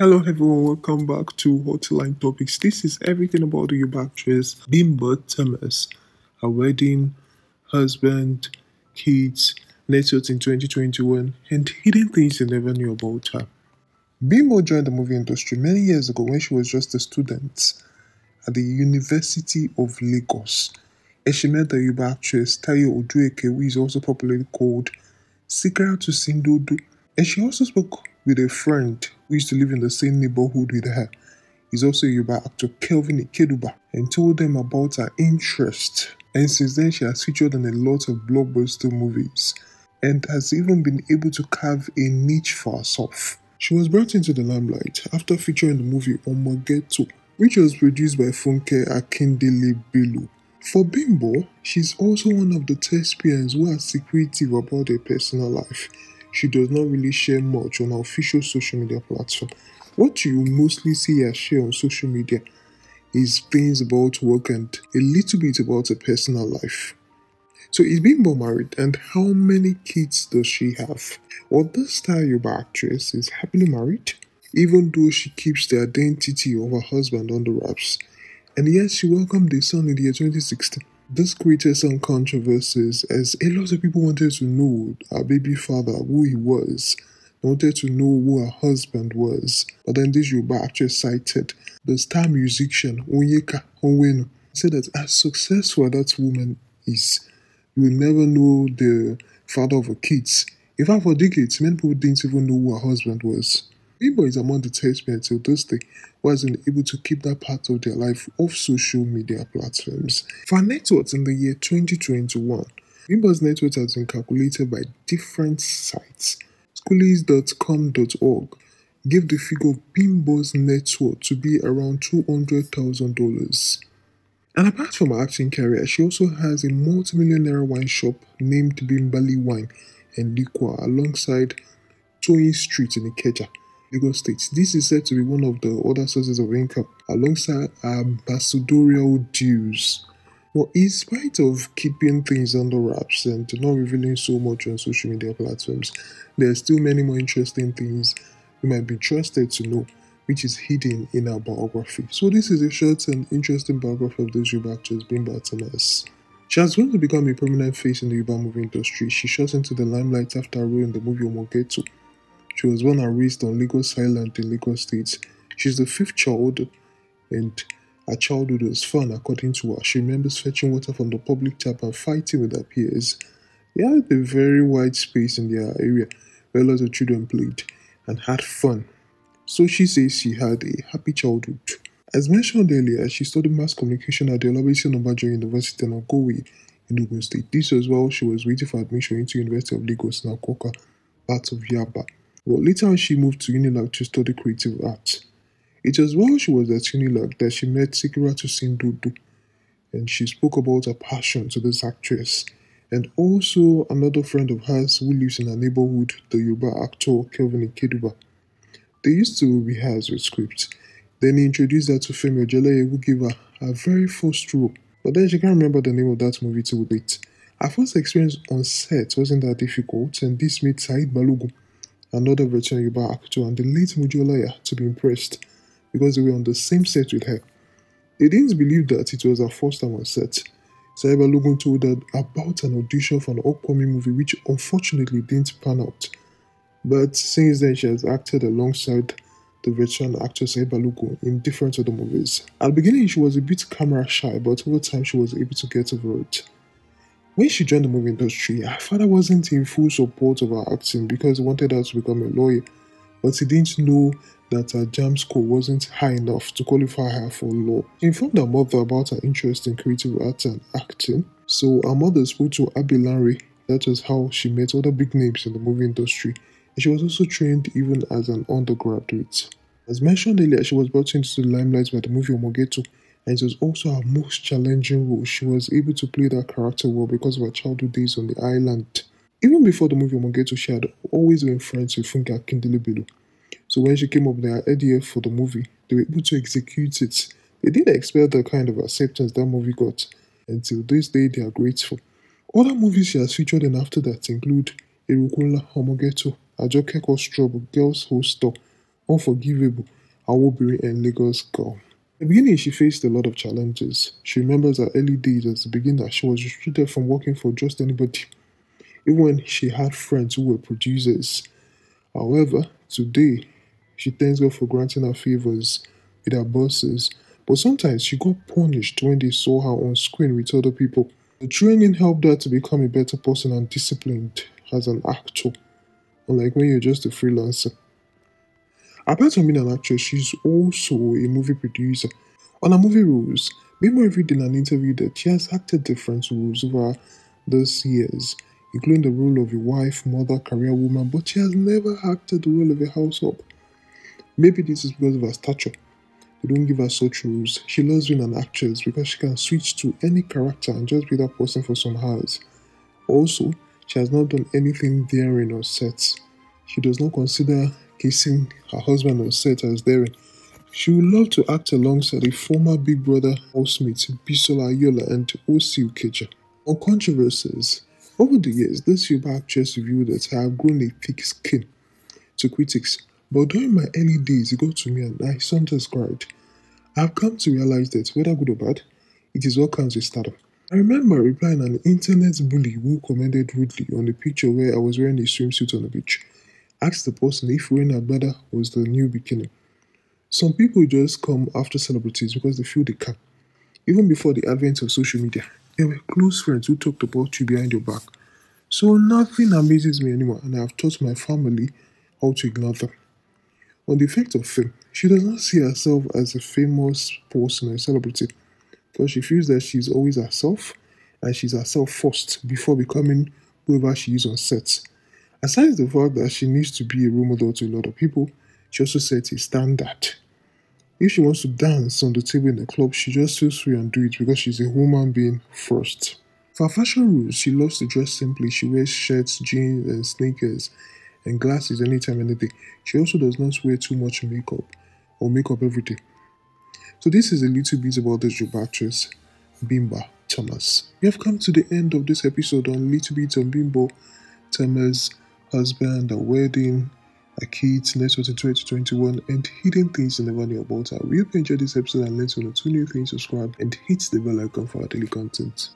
Hello everyone, welcome back to Hotline Topics. This is everything about the Yuba actress Bimbo Thomas, her wedding, husband, kids, net worth in 2021, and hidden things you never knew about her. Bimbo joined the movie industry many years ago when she was just a student at the University of Lagos, and she met the Yuba actress Tayo Odueke, who is also popularly called Sikara to Sindudu, and she also spoke with a friend who used to live in the same neighborhood with her. He's also Yoruba actor Kelvin Ikeduba and told them about her interest. And since then, she has featured in a lot of blockbuster movies and has even been able to carve a niche for herself. She was brought into the limelight after featuring the movie Omogeto, which was produced by Funke Akindele Bello. For Bimbo, she's also one of the thespians who are secretive about their personal life she does not really share much on her official social media platform. What you mostly see her share on social media is things about work and a little bit about her personal life. So is Bimbo married and how many kids does she have? Well, this Star Yoruba actress is happily married, even though she keeps the identity of her husband under wraps. And yes, she welcomed a son in the year 2016. This created some controversies as a lot of people wanted to know her baby father, who he was. They wanted to know who her husband was. But then this Yoruba actually cited the star musician Onyeka Onwenu said that as successful that woman is, you will never know the father of her kids. In fact, for decades, many people didn't even know who her husband was. Bimbos is among the 10 men till this day who has able to keep that part of their life off social media platforms. For networks in the year 2021, Bimbo's networks has been calculated by different sites. Schoolies.com.org gave the figure of Bimbo's net worth to be around $200,000. And apart from her acting career, she also has a multi wine shop named Bimbali Wine and Liquor alongside Toyin Street in Ikeja. Lagos State. This is said to be one of the other sources of income alongside ambassadorial dues. well, in spite of keeping things under wraps and not revealing so much on social media platforms, there are still many more interesting things you might be trusted to know, which is hidden in our biography. So this is a short and interesting biography of this Yoruba actress, Bimba Atanas. She has grown to become a prominent face in the Yoruba movie industry. She shot into the limelight after a role in the movie Omogeto, she was born and raised on Lagos Island in Lagos State. She's the fifth child, and her childhood was fun, according to her. She remembers fetching water from the public tap and fighting with her peers. They had a very wide space in their area where lots of children played and had fun. So she says she had a happy childhood. As mentioned earlier, she studied mass communication at the Olabisi Obasanjo University in Ogowe in Ogun State. This was while she was waiting for admission into University of Lagos in Akoka, part of Yaba. But later she moved to Unilag to study creative arts. It was while she was at Unilag that she met Sikiratu Sindudu, and she spoke about her passion to this actress and also another friend of hers who lives in her neighborhood, the Yoruba actor Kelvin Ikeduba. They used to rehearse with scripts. Then he introduced her to Femi Ojeleye, who gave her her very first role. But then she can't remember the name of that movie till date. Her first experience on set wasn't that difficult, and this made Said Balogun another veteran Yuba to and the late Mujolaya to be impressed because they were on the same set with her. They didn't believe that it was her first time on set. Saiba Logan told her about an audition for an upcoming movie which unfortunately didn't pan out. But since then, she has acted alongside the veteran actor Saiba Logan in different other movies. At the beginning, she was a bit camera shy, but over time, she was able to get over it. When she joined the movie industry, her father wasn't in full support of her acting because he wanted her to become a lawyer, but he didn't know that her jam score wasn't high enough to qualify her for law. He informed her mother about her interest in creative arts and acting, so her mother spoke to Abby Lanry. That was how she met other big names in the movie industry, and she was also trained even as an undergraduate. As mentioned earlier, she was brought into the limelight by the movie Omogeto, and it was also her most challenging role. She was able to play that character well because of her childhood days on the island. Even before the movie Omogeto, she had always been friends with Funke akindele So when she came up with the idea for the movie, they were able to execute it. They didn't expect the kind of acceptance that movie got, and this day they are grateful. Other movies she has featured in after that include Erukunla, Omogeto, Ajoke Trouble, Girls Hostel, Unforgivable, Awobiri, and Lagos Girl the beginning, she faced a lot of challenges. She remembers her early days as a beginner. She was restricted from working for just anybody, even when she had friends who were producers. However, today, she thanks God for granting her favors with her bosses, but sometimes she got punished when they saw her on screen with other people. The training helped her to become a better person and disciplined as an actor, unlike when you're just a freelancer. Apart from being an actress, she's also a movie producer. On her movie roles, Bimbo revealed in an interview that she has acted different roles over those years, including the role of a wife, mother, career woman, but she has never acted the role of a housewife. Maybe this is because of her stature. They don't give her such roles. She loves being an actress because she can switch to any character and just be that person for some hours. Also, she has not done anything daring on sets. She does not consider kissing her husband was set as daring. She would love to act alongside a former Big Brother housemate Bisola Ayola and Osi Ukeja. On controversies, over the years, this Yoruba actress revealed that I have grown a thick skin to critics, but during my early days, it got to me and I sometimes cried. I have come to realize that whether good or bad, it is what comes with stardom. I remember replying an internet bully who commented rudely on a picture where I was wearing a swimsuit on the beach asked the person if wearing agbada was the new beginning. Some people just come after celebrities because they feel they can. Even before the advent of social media, there were close friends who talked about you behind your back. So nothing amazes me anymore, and I have taught my family how to ignore them. On the effect of fame, she does not see herself as a famous person or celebrity, because she feels that she's always herself and she's herself first before becoming whoever she is on set. Aside the fact that she needs to be a role model to a lot of people, she also sets a standard. If she wants to dance on the table in the club, she just feels free and do it because she's a human being first. For fashion rules, she loves to dress simply. She wears shirts, jeans, and sneakers, and glasses anytime, any day. She also does not wear too much makeup or makeup every day. So this is a little bit about the job actress, Bimba Thomas. We have come to the end of this episode on Little Bit on Bimbo Thomas husband, a wedding, a kids, network in 2021, and hidden things in the vania about her. We hope you enjoyed this episode and let's or two new things. Subscribe and hit the bell icon for our daily content.